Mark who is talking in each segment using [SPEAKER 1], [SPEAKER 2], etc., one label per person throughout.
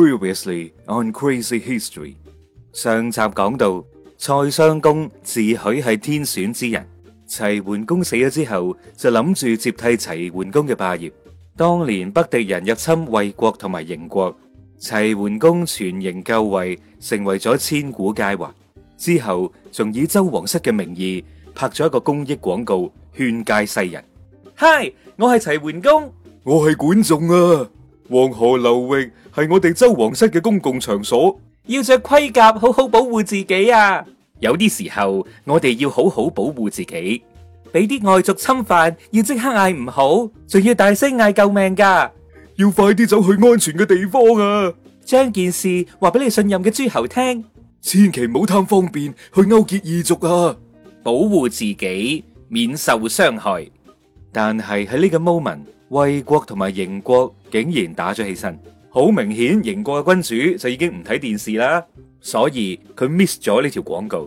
[SPEAKER 1] Previously on Crazy History，上集講到宋襄公自詡係天選之人。齊桓公死咗之後，就諗住接替齊桓公嘅霸業。當年北狄人入侵衛國同埋邢國，齊桓公存邢救衛，成為咗千古佳話。之後仲以周王室嘅名義拍咗一個公益廣告，勸誡世人。嗨，我係齊桓公，我係管仲啊。黃河流域。係我哋周皇室嘅公共場所，要着盔甲，好好保護自己啊！有啲時候，我哋要好好保護自己，俾啲外族侵犯，要即刻嗌唔好，仲要大聲嗌救命㗎，要快啲走去安全嘅地方啊！將件事話俾你信任嘅諸侯聽，千祈唔好貪方便去勾結異族啊！保護自己，免受傷害。但係喺呢個 moment，魏國同埋邢國竟然打咗起身。好明顯，贏過嘅君主就已經唔睇電視啦，所以佢 miss 咗呢條廣告，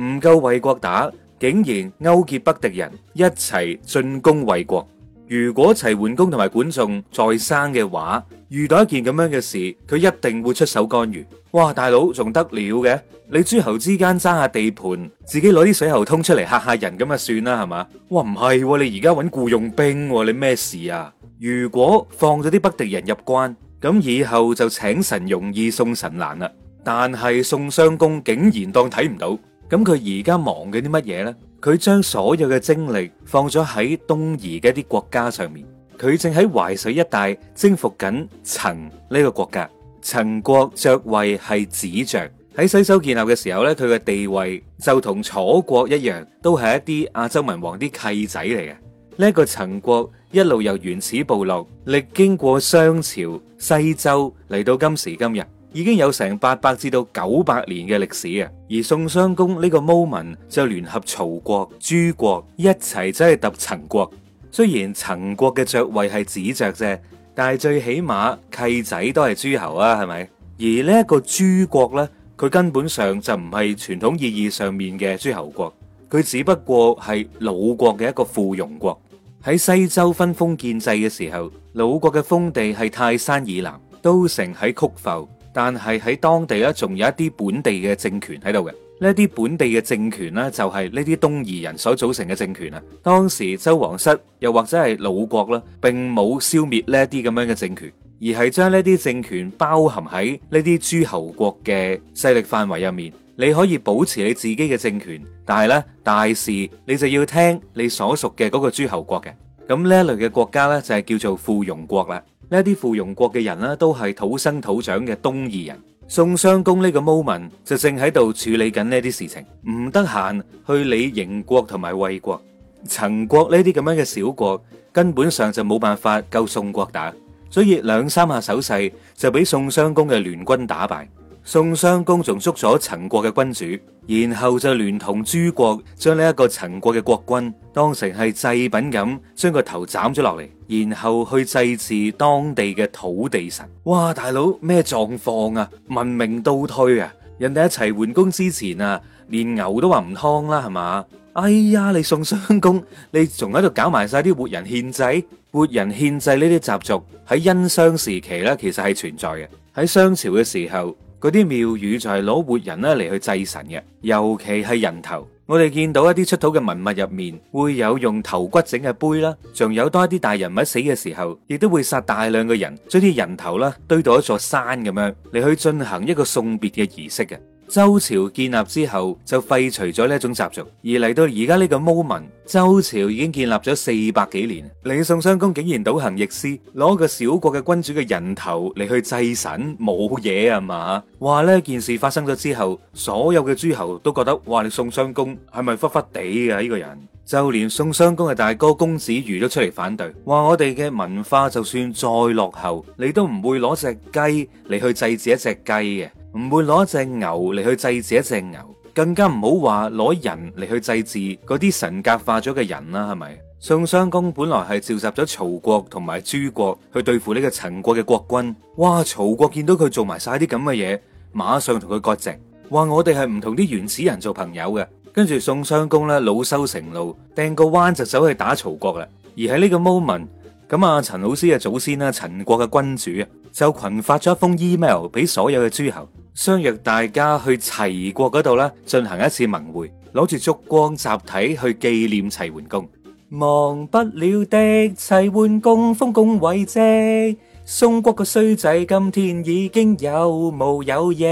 [SPEAKER 1] 唔夠衛國打，竟然勾結北狄人一齊進攻衛國。如果齊桓公同埋管仲在生嘅話，遇到一件咁樣嘅事，佢一定會出手干預。哇，大佬仲得了嘅？你諸侯之間爭下地盤，自己攞啲水喉通出嚟吓下人咁就算啦，係嘛？哇，唔係喎，你而家搵僱傭兵喎，你咩事啊？如果放咗啲北狄人入關？咁以後就請神容易送神難啦，但係宋襄公竟然當睇唔到，咁佢而家忙緊啲乜嘢呢？佢將所有嘅精力放咗喺東夷嘅一啲國家上面，佢正喺淮水一帶征服緊陳呢個國家。陳國爵位係子爵，喺西周建立嘅時候呢，佢嘅地位就同楚國一樣，都係一啲亞洲文王啲契仔嚟嘅。呢個陳國一路由原始部落歷經過商朝、西周嚟到今時今日，已經有成八百至到九百年嘅歷史啊！而宋襄公呢個 moment 就聯合曹國、諸國一齊真係揼陳國。雖然陳國嘅爵位係子爵啫，但係最起碼契仔都係諸侯啊，係咪？而呢個諸國呢，佢根本上就唔係傳統意義上面嘅諸侯國，佢只不過係魯國嘅一個附庸國。喺西周分封建制嘅時候，魯國嘅封地係泰山以南，都城喺曲阜，但係喺當地咧仲有一啲本地嘅政權喺度嘅。呢啲本地嘅政權呢，就係呢啲東夷人所組成嘅政權啊。當時周王室又或者係魯國啦，並冇消滅呢啲咁樣嘅政權，而係將呢啲政權包含喺呢啲諸侯國嘅勢力範圍入面。你可以保持你自己嘅政權，但係咧大事你就要聽你所屬嘅嗰個諸侯國嘅。咁呢一類嘅國家咧就係叫做附庸國啦。呢啲附庸國嘅人呢，都係土生土長嘅東夷人。宋襄公呢個 moment 就正喺度處理緊呢啲事情，唔得閒去理邢國同埋衛國、陳國呢啲咁樣嘅小國，根本上就冇辦法夠宋國打，所以兩三下手勢就俾宋襄公嘅聯軍打敗。宋襄公仲捉咗陳國嘅君主，然後就聯同諸國將呢一個陳國嘅國君當成係祭品咁，將個頭斬咗落嚟，然後去祭祀當地嘅土地神。哇，大佬咩狀況啊？文明倒退啊！人哋喺齊桓公之前啊，連牛都話唔劏啦，係嘛？哎呀，你宋襄公，你仲喺度搞埋晒啲活人獻祭，活人獻祭呢啲習俗喺殷商時期呢，其實係存在嘅，喺商朝嘅時候。嗰啲廟宇就係攞活人啦嚟去祭神嘅，尤其係人頭。我哋見到一啲出土嘅文物入面，會有用頭骨整嘅杯啦，仲有多一啲大人物死嘅時候，亦都會殺大量嘅人，將啲人頭啦堆到一座山咁樣嚟去進行一個送別嘅儀式嘅。周朝建立之後就廢除咗呢一種習俗，而嚟到而家呢個 moment 周朝已經建立咗四百幾年。李宋襄公竟然倒行逆施，攞個小國嘅君主嘅人頭嚟去祭神，冇嘢啊嘛？話呢件事發生咗之後，所有嘅諸侯都覺得，哇！你宋襄公係咪忽忽地嘅呢個人？就連宋襄公嘅大哥公子余都出嚟反對，話我哋嘅文化就算再落後，你都唔會攞隻雞嚟去祭祀一隻雞嘅。唔會攞隻牛嚟去祭祀一隻牛，更加唔好話攞人嚟去祭祀嗰啲神格化咗嘅人啦，係咪？宋襄公本來係召集咗曹國同埋朱國去對付呢個陳國嘅國君，哇！曹國見到佢做埋晒啲咁嘅嘢，馬上同佢割席，話我哋係唔同啲原始人做朋友嘅。跟住宋襄公呢，惱羞成怒，掟個彎就走去打曹國啦。而喺呢個 moment。咁啊，陳老師嘅祖先啦，陳國嘅君主啊，就群發咗一封 email 俾所有嘅諸侯，相約大家去齊國嗰度啦，進行一次盟會，攞住燭光集體去紀念齊桓公。忘不了的齊桓公豐功偉績，宋國個衰仔今天已經有毛有翼。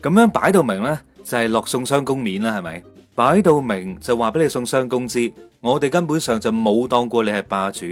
[SPEAKER 1] 咁樣擺到明啦，就係、是、落宋襄公面啦，係咪擺到明就話俾你宋襄公知，我哋根本上就冇當過你係霸主。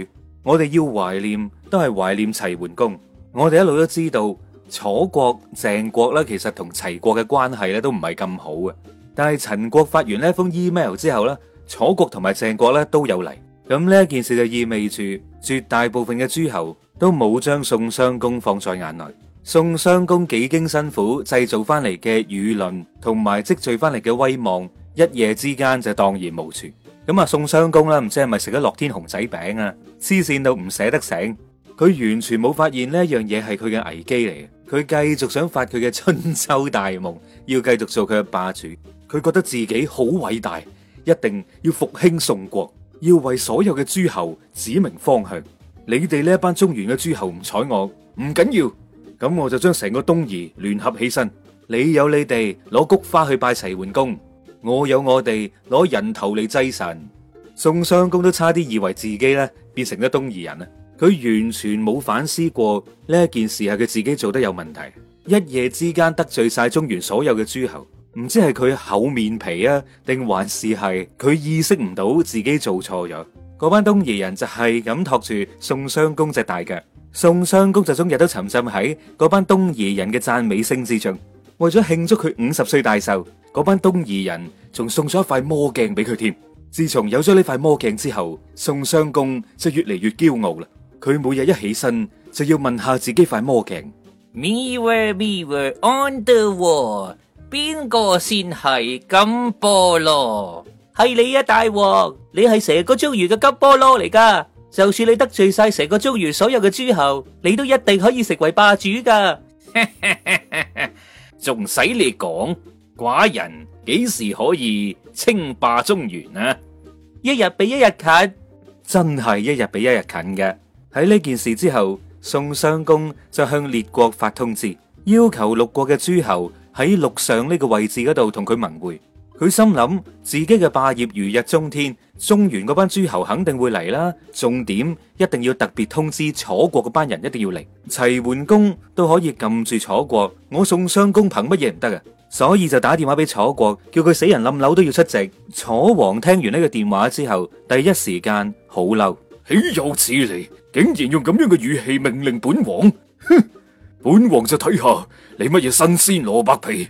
[SPEAKER 1] 我哋要懷念，都係懷念齊桓公。我哋一路都知道，楚國、鄭國咧，其實同齊國嘅關係咧，都唔係咁好嘅。但係陳國發完呢封 email 之後咧，楚國同埋鄭國咧都有嚟。咁呢一件事就意味住，絕大部分嘅諸侯都冇將宋襄公放在眼內。宋襄公幾經辛苦製造翻嚟嘅輿論同埋積聚翻嚟嘅威望，一夜之間就蕩然無存。咁啊，宋襄公啦，唔知係咪食咗樂天熊仔餅啊，痴線到唔捨得醒，佢完全冇發現呢一樣嘢係佢嘅危機嚟嘅，佢繼續想發佢嘅春秋大夢，要繼續做佢嘅霸主。佢覺得自己好偉大，一定要復興宋國，要為所有嘅諸侯指明方向。你哋呢一班中原嘅諸侯唔睬我，唔緊要，要，咁我就將成個東夷聯合起身，你有你哋攞菊花去拜齊桓公。我有我哋攞人頭嚟祭神，宋襄公都差啲以為自己咧變成咗東夷人啊！佢完全冇反思過呢一件事係佢自己做得有問題，一夜之間得罪晒中原所有嘅諸侯，唔知係佢厚面皮啊，定還是係佢意識唔到自己做錯咗？嗰班東夷人就係噉托住宋襄公隻大腳，宋襄公就終日都沉浸喺嗰班東夷人嘅讚美聲之中，為咗慶祝佢五十歲大壽。嗰班東夷人仲送咗一塊魔鏡俾佢添。自從有咗呢塊魔鏡之後，宋襄公就越嚟越驕傲啦。佢每日一起身就要問下自己塊魔鏡。Mirror, mirror, on the wall，邊個先係金菠蘿？係你啊，大王！你係成個章魚嘅金菠蘿嚟噶。就算你得罪晒成個章魚所有嘅諸侯，你都一定可以成為霸主噶。仲使你講？寡人幾時可以稱霸中原啊？一日比一日近，真係一日比一日近嘅。喺呢件事之後，宋襄公就向列國發通知，要求六國嘅諸侯喺陸上呢個位置嗰度同佢盟會。佢心諗自己嘅霸業如日中天，中原嗰班諸侯肯定會嚟。啦重點一定要特別通知楚國嗰班人一定要嚟。齊桓公都可以撳住楚國，我宋襄公憑乜嘢唔得啊？所以就打電話俾楚國，叫佢死人冧樓都要出席。楚王聽完呢個電話之後，第一時間好嬲，豈有此理！竟然用咁樣嘅語氣命令本王，哼！本王就睇下你乜嘢新鮮蘿蔔皮。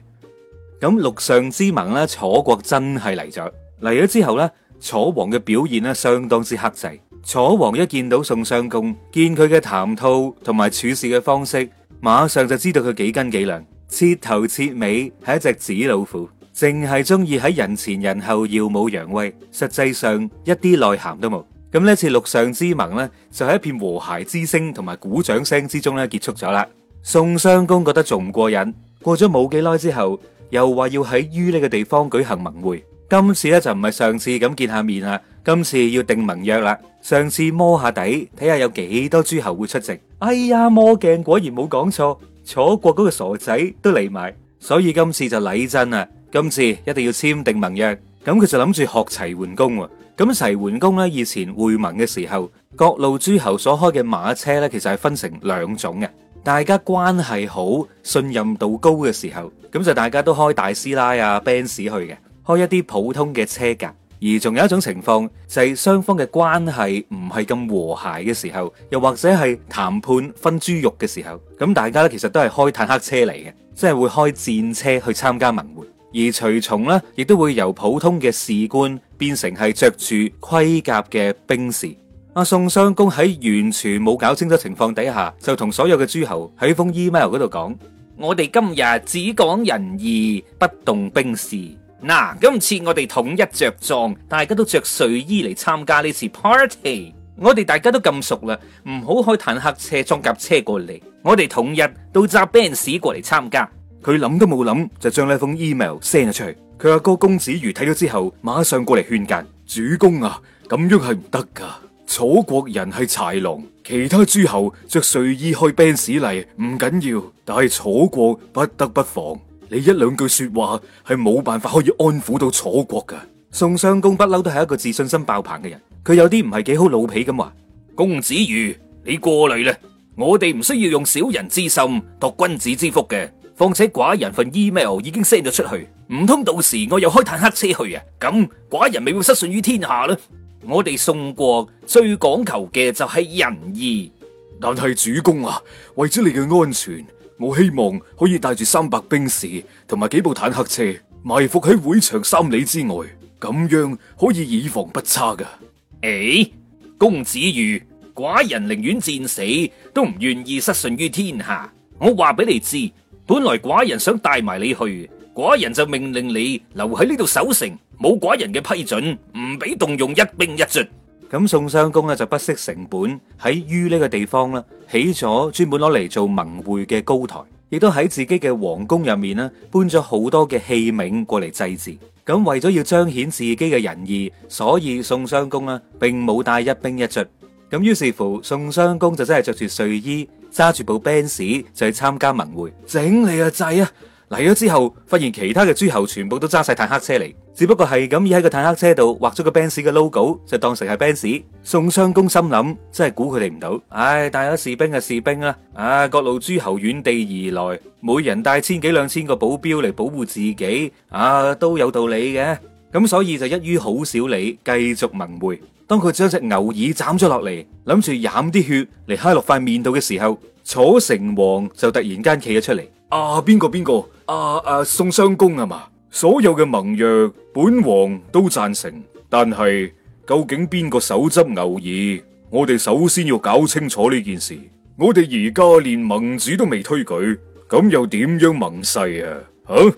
[SPEAKER 1] 咁鹿上之盟咧，楚國真係嚟咗。嚟咗之後咧，楚王嘅表現咧相當之克制。楚王一見到宋襄公，見佢嘅談吐同埋處事嘅方式，馬上就知道佢幾斤幾兩。徹頭徹尾係一隻紙老虎，淨係中意喺人前人後耀武揚威，實際上一啲內涵都冇。咁呢次鹿上之盟呢，就喺一片和諧之聲同埋鼓掌聲之中咧結束咗啦。宋襄公覺得仲唔過癮？過咗冇幾耐之後，又話要喺盂呢個地方舉行盟會。今次咧就唔係上次咁見下面啦，今次要定盟約啦。上次摸下底，睇下有幾多諸侯會出席。哎呀，魔鏡果然冇講錯。楚國嗰個傻仔都嚟埋，所以今次就禮真啦。今次一定要簽訂盟約，咁佢就諗住學齊桓公。咁齊桓公呢以前會盟嘅時候，各路諸侯所開嘅馬車呢，其實係分成兩種嘅。大家關係好、信任度高嘅時候，咁就大家都開大師奶啊，Benz 去嘅，開一啲普通嘅車㗎。而仲有一種情況就係，是，雙方嘅關係唔係咁和諧嘅時候，又或者係談判分豬肉嘅時候，咁大家咧其實都係開坦克車嚟嘅，即係會開戰車去參加盟會，而隨從呢，亦都會由普通嘅士官變成係着住盔甲嘅兵士。阿宋相公喺完全冇搞清楚情況底下，就同所有嘅諸侯喺封 email 嗰度講：我哋今日只講仁義，不動兵事。嗱、啊，今次我哋統一着裝，大家都着睡衣嚟參加呢次 party。我哋大家都咁熟啦，唔好開坦克車裝甲車過嚟。我哋統一都揸 Benz 過嚟參加。佢諗都冇諗就將呢封 email send 咗出去。佢阿哥公子瑜睇咗之後，馬上過嚟勸諫：主公啊，咁樣係唔得噶。楚國人係豺狼，其他諸侯着睡衣開 Benz 嚟唔緊要，但係楚國不得不防。你一兩句說話係冇辦法可以安撫到楚國噶。宋襄公不嬲都係一個自信心爆棚嘅人，佢有啲唔係幾好老皮咁話。公子瑜，你過嚟啦，我哋唔需要用小人之心度君子之腹嘅。況且寡人份 email 已經 send 咗出去，唔通到時我又開坦克車去啊？咁寡人咪會失信於天下啦。我哋宋國最講求嘅就係仁義，但係主公啊，為咗你嘅安全。我希望可以帶住三百兵士同埋幾部坦克車埋伏喺會場三里之外，咁樣可以以防不測噶。誒、欸，公子魚，寡人寧願戰死，都唔願意失信於天下。我話俾你知，本來寡人想帶埋你去，寡人就命令你留喺呢度守城，冇寡人嘅批准，唔俾動用一兵一卒。咁宋襄公呢就不惜成本喺於呢個地方啦，起咗專門攞嚟做盟會嘅高台，亦都喺自己嘅皇宮入面呢，搬咗好多嘅器皿過嚟祭祀。咁為咗要彰顯自己嘅仁義，所以宋襄公呢並冇帶一兵一卒。咁於是乎，宋襄公就真係着住睡衣，揸住部 band 就去參加盟會，整你個掣啊！嚟咗之後，發現其他嘅諸侯全部都揸晒坦克車嚟，只不過係咁以喺個坦克車度畫咗個 Benz 嘅 logo，就當成係 Benz。宋襄公心諗，真係估佢哋唔到。唉，帶咗士兵嘅士兵啦，啊，各路諸侯遠地而來，每人帶千幾兩千個保鏢嚟保護自己，啊，都有道理嘅。咁所以就一於好少理，繼續盟會。當佢將隻牛耳斬咗落嚟，諗住飲啲血嚟揩落塊面度嘅時候，楚成王就突然間企咗出嚟。啊，邊個邊個？啊啊，宋襄公啊嘛！所有嘅盟約，本王都贊成。但係究竟邊個手執牛耳？我哋首先要搞清楚呢件事。我哋而家連盟主都未推舉，咁又點樣盟誓啊？吓！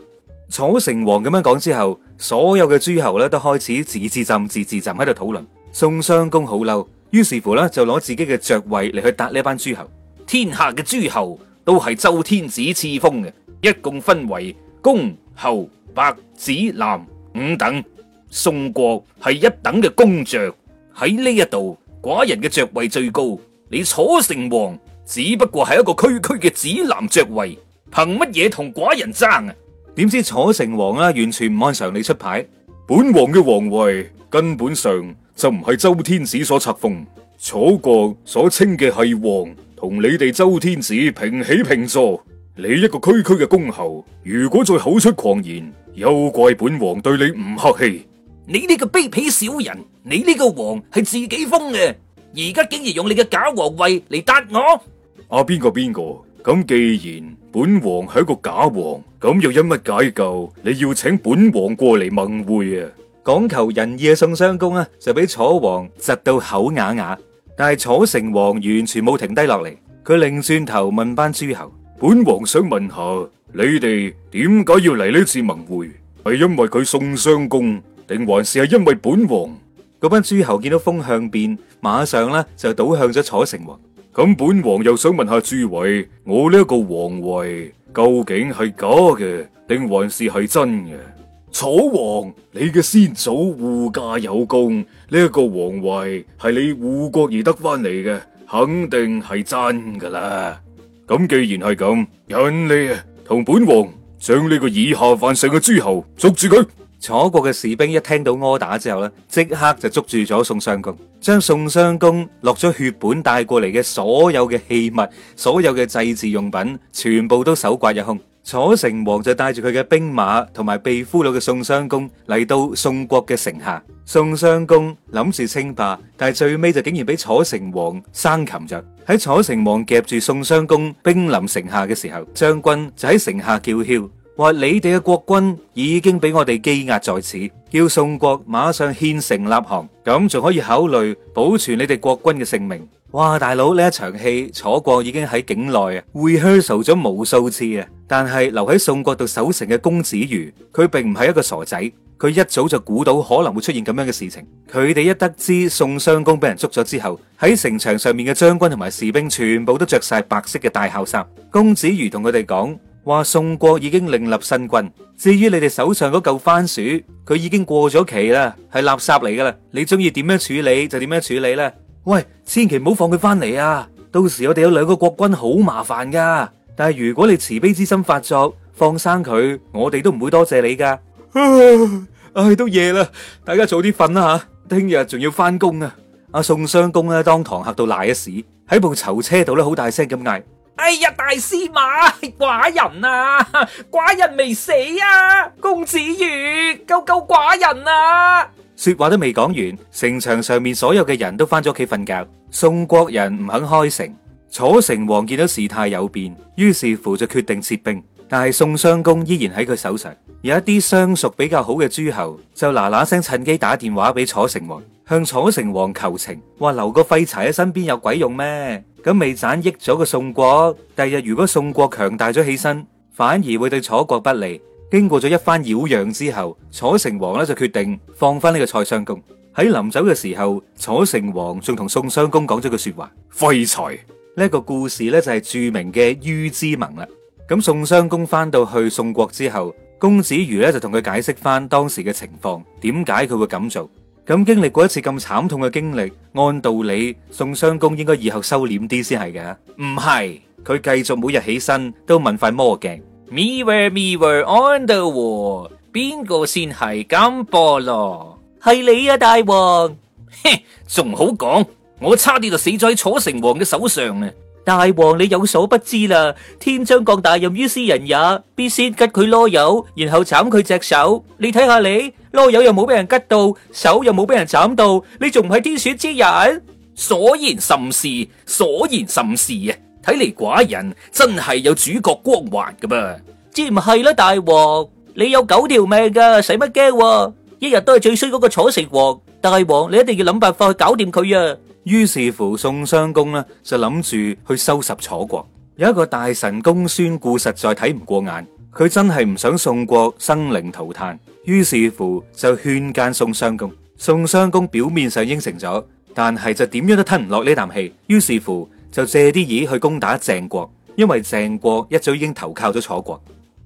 [SPEAKER 1] 楚成王咁樣講之後，所有嘅諸侯咧都開始自自浸自自浸喺度討論。宋襄公好嬲，於是乎咧就攞自己嘅爵位嚟，去搭呢一班諸侯。天下嘅諸侯都係周天子賜封嘅，一共分為公、侯、伯、子、男五等。宋國係一等嘅公爵，喺呢一度，寡人嘅爵位最高。你楚成王只不過係一個區區嘅子男爵位，憑乜嘢同寡人爭啊？點知楚成王啊，完全唔按常理出牌。本王嘅皇位根本上就唔係周天子所冊封，楚國所稱嘅係王。同你哋周天子平起平坐，你一個區區嘅公侯，如果再口出狂言，又怪本王對你唔客氣。你呢個卑鄙小人，你呢個王係自己封嘅，而家竟然用你嘅假皇位嚟答我。阿邊個、啊、邊個？咁、啊、既然本王係一個假王，咁、啊、又因乜解救你要請本王過嚟盟會啊？講求仁義嘅宋襄公啊，就俾楚王窒到口啞啞。但係楚成王完全冇停低落嚟，佢擰轉頭問班諸侯：本王想問下你哋點解要嚟呢次盟會？係因為佢宋襄公，定還是係因為本王？嗰班諸侯見到風向變，馬上咧就倒向咗楚成王。咁本王又想問下諸位，我呢個皇位究竟係假嘅，定還是係真嘅？楚王，你嘅先祖護駕有功，呢一個王位係你護國而得翻嚟嘅，肯定係真噶啦。咁既然係咁，人你啊，同本王將呢個以下犯上嘅諸侯捉住佢。楚國嘅士兵一聽到柯打之後呢，即刻就捉住咗宋襄公，將宋襄公落咗血本帶過嚟嘅所有嘅器物、所有嘅祭祀用品，全部都搜刮一空。楚成王就帶住佢嘅兵馬同埋被俘虜嘅宋襄公嚟到宋國嘅城下，宋襄公諗住稱霸，但係最尾就竟然俾楚成王生擒着。喺楚成王夾住宋襄公兵臨城下嘅時候，將軍就喺城下叫囂。話你哋嘅國軍已經俾我哋機壓在此，叫宋國馬上獻城立降，咁仲可以考慮保存你哋國軍嘅性命。哇，大佬，呢一場戲楚國已經喺境內啊 r e h 咗無數次啊，但係留喺宋國度守城嘅公子瑜，佢並唔係一個傻仔，佢一早就估到可能會出現咁樣嘅事情。佢哋一得知宋襄公俾人捉咗之後，喺城牆上面嘅將軍同埋士兵全部都着晒白色嘅大校衫，公子瑜同佢哋講。話宋國已經另立新君，至於你哋手上嗰嚿番薯，佢已經過咗期啦，係垃圾嚟噶啦。你中意點樣處理就點樣處理啦。喂，千祈唔好放佢翻嚟啊！到時我哋有兩個國君，好麻煩噶。但係如果你慈悲之心發作，放生佢，我哋都唔會多謝,謝你噶。唉、啊啊，都夜啦，大家早啲瞓啦吓，聽日仲要翻工啊！阿、啊、宋商公咧、啊，當堂吓到瀨一屎，喺部囚車度咧，好大聲咁嗌。哎呀，大司馬，寡人啊，寡人未死啊，公子瑜，救救寡人啊！說話都未講完，城牆上面所有嘅人都返咗屋企瞓覺。宋國人唔肯開城，楚成王見到事態有變，於是乎就決定撤兵。但係宋襄公依然喺佢手上，有一啲相熟比較好嘅諸侯就嗱嗱聲趁機打電話俾楚成王，向楚成王求情，話留個廢柴喺身邊有鬼用咩？咁未斬益咗個宋國，第日如果宋國強大咗起身，反而會對楚國不利。經過咗一番擾攘之後，楚成王咧就決定放翻呢個蔡襄公。喺臨走嘅時候，楚成王仲同宋襄公講咗句說話：廢材才。呢一個故事咧就係著名嘅於之盟啦。咁宋襄公翻到去宋國之後，公子魚咧就同佢解釋翻當時嘅情況，點解佢會咁做。咁經歷過一次咁慘痛嘅經歷，按道理宋襄公應該以後收斂啲先係嘅。唔係，佢繼續每日起身都問塊魔鏡。Mirror, mirror on the wall，邊個先係金波咯？係你啊，大王。哼，仲好講，我差啲就死咗喺楚成王嘅手上啊！大王，你有所不知啦，天將降大任於斯人也，必先吉佢囉柚，然後斬佢隻手。你睇下你。囉柚又冇俾人吉到，手又冇俾人斬到，你仲唔係天選之人？所言甚是，所言甚是啊！睇嚟寡人真係有主角光環噶噃知唔係啦，大王，你有九條命噶，啊，使乜驚？一日都係最衰嗰個楚成王，大王你一定要諗辦法去搞掂佢啊！於是乎，宋襄公呢，就諗住去收拾楚國。有一個大臣公孫固實在睇唔過眼，佢真係唔想宋國生靈塗炭。於是乎就勸諫宋襄公。宋襄公表面上應承咗，但係就點樣都吞唔落呢啖氣。於是乎就借啲意去攻打鄭國，因為鄭國一早已經投靠咗楚國。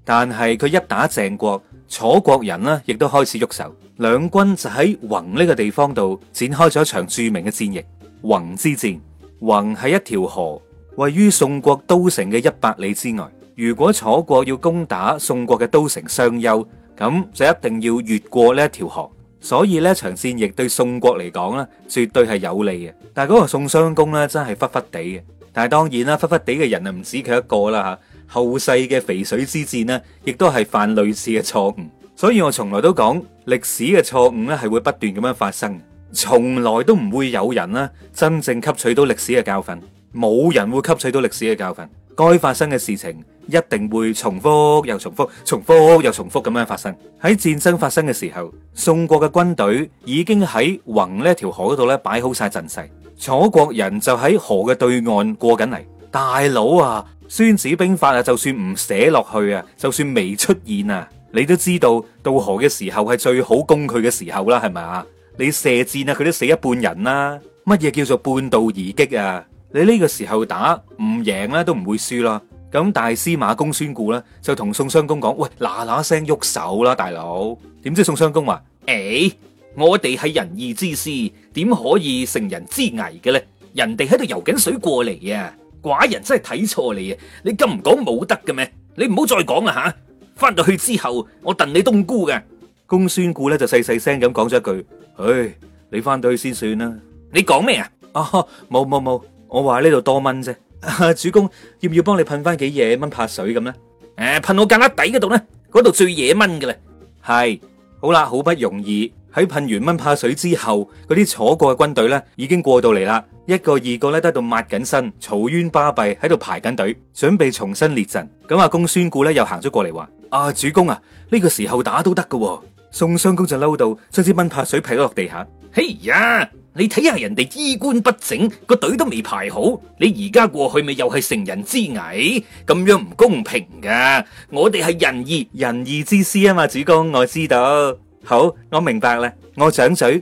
[SPEAKER 1] 但係佢一打鄭國，楚國人呢亦都開始喐手，兩軍就喺泓呢個地方度展開咗一場著名嘅戰役。泓之戰，泓係一條河，位於宋國都城嘅一百里之外。如果楚國要攻打宋國嘅都城商丘，咁就一定要越過呢一條河。所以呢一場戰役對宋國嚟講咧，絕對係有利嘅。但係嗰個宋襄公呢，真係忽忽地嘅。但係當然啦，忽忽地嘅人啊，唔止佢一個啦吓。後世嘅淝水之戰呢，亦都係犯類似嘅錯誤。所以我從來都講，歷史嘅錯誤呢，係會不斷咁樣發生。從來都唔會有人咧真正吸取到歷史嘅教訓，冇人會吸取到歷史嘅教訓。該發生嘅事情一定會重複又重複，重複又重複咁樣發生。喺戰爭發生嘅時候，宋國嘅軍隊已經喺泓呢一條河嗰度咧擺好晒陣勢，楚國人就喺河嘅對岸過緊嚟。大佬啊，《孫子兵法》啊，就算唔寫落去啊，就算未出現啊，你都知道渡河嘅時候係最好攻佢嘅時候啦，係咪啊？你射箭啊，佢都死一半人啦。乜嘢叫做半道而擊啊？你呢個時候打唔贏咧，都唔會輸啦。咁大司馬公孫固咧就同宋襄公講：喂，嗱嗱聲喐手啦，大佬。點知宋襄公話：誒，我哋係仁義之師，點可以成人之危嘅咧？人哋喺度游緊水過嚟啊！寡人真係睇錯你啊！你咁唔講武德嘅咩？你唔好再講啦吓。翻到去之後，我燉你冬菇嘅。公孫固咧就細細聲咁講咗一句。唉，你翻隊先算啦！你講咩啊？哦、啊，冇冇冇，我話呢度多蚊啫、啊。主公，要唔要幫你噴翻幾嘢蚊怕水咁咧？誒、呃，噴我夾粒底嗰度咧，嗰度最惹蚊噶啦。係好啦，好不容易喺噴完蚊怕水之後，嗰啲坐過嘅軍隊咧已經過到嚟啦，一個二個咧都喺度抹緊身，嘈冤巴閉喺度排緊隊，準備重新列陣。咁阿公孫固咧又行咗過嚟話：，啊主公啊，呢、這個時候打都得噶。宋襄公就嬲到，將支蚊拍水劈咗落地下。嘿呀、hey, 啊，你睇下人哋衣冠不整，個隊都未排好，你而家過去咪又係成人之危，咁樣唔公平噶。我哋係仁義仁義之師啊嘛，主公我知道。好，我明白啦。我掌嘴。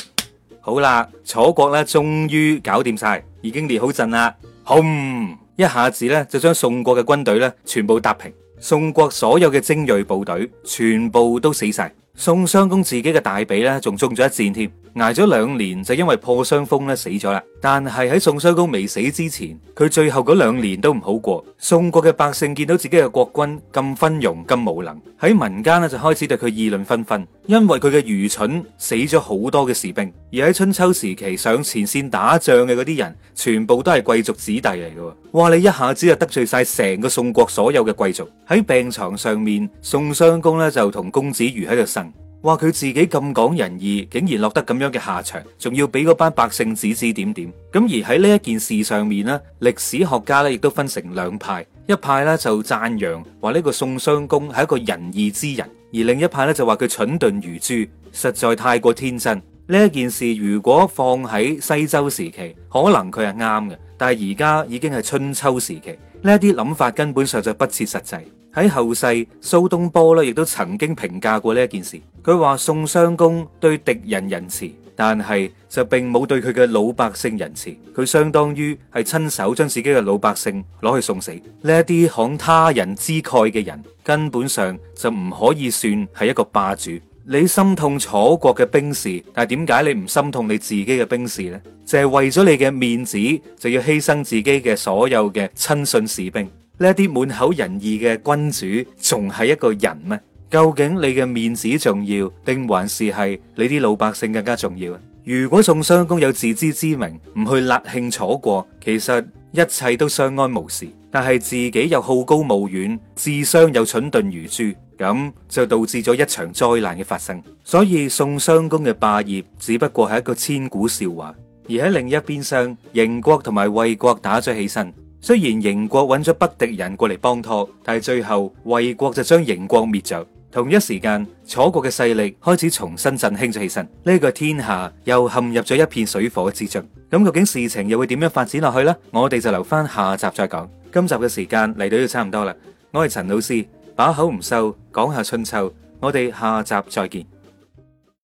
[SPEAKER 1] 好啦，楚國咧，終於搞掂晒，已經列好陣啦。轟！一下子咧就將宋國嘅軍隊咧全部踏平，宋國所有嘅精銳部隊全部都死晒。宋襄公自己嘅大髀呢，仲中咗一箭添，挨咗兩年就因為破傷風咧死咗啦。但係喺宋襄公未死之前，佢最後嗰兩年都唔好過。宋國嘅百姓見到自己嘅國君咁昏庸、咁無能，喺民間呢，就開始對佢議論紛紛。因為佢嘅愚蠢死咗好多嘅士兵，而喺春秋時期上前線打仗嘅嗰啲人全部都係貴族子弟嚟嘅。話你一下子就得罪晒成個宋國所有嘅貴族。喺病床上面，宋襄公呢就同公子魚喺度呻，話佢自己咁講仁義，竟然落得咁樣嘅下場，仲要俾嗰班百姓指指點點。咁而喺呢一件事上面呢，歷史學家咧亦都分成兩派，一派呢就讚揚話呢個宋襄公係一個仁義之人，而另一派呢就話佢蠢鈍如豬，實在太過天真。呢一件事如果放喺西周時期，可能佢係啱嘅。但係而家已經係春秋時期，呢一啲諗法根本上就不切實際。喺後世，蘇東坡咧亦都曾經評價過呢一件事。佢話宋襄公對敵人仁慈，但係就並冇對佢嘅老百姓仁慈。佢相當於係親手將自己嘅老百姓攞去送死。呢一啲慷他人之慨嘅人，根本上就唔可以算係一個霸主。你心痛楚國嘅兵士，但係點解你唔心痛你自己嘅兵士呢？就係為咗你嘅面子，就要犧牲自己嘅所有嘅親信士兵。呢啲滿口仁義嘅君主，仲係一個人咩？究竟你嘅面子重要，定還是係你啲老百姓更加重要？如果宋襄公有自知之明，唔去納慶楚國，其實一切都相安無事。但係自己又好高騖遠，智商又蠢鈍如豬。咁就導致咗一場災難嘅發生，所以宋襄公嘅霸業只不過係一個千古笑話。而喺另一邊廂，邢國同埋衛國打咗起身，雖然邢國揾咗北狄人過嚟幫拖，但係最後衛國就將邢國滅咗。同一時間，楚國嘅勢力開始重新振興咗起身，呢個天下又陷入咗一片水火之中。咁究竟事情又會點樣發展落去呢？我哋就留翻下集再講。今集嘅時間嚟到都差唔多啦，我係陳老師。把口唔收，講下春秋，我哋下集再見。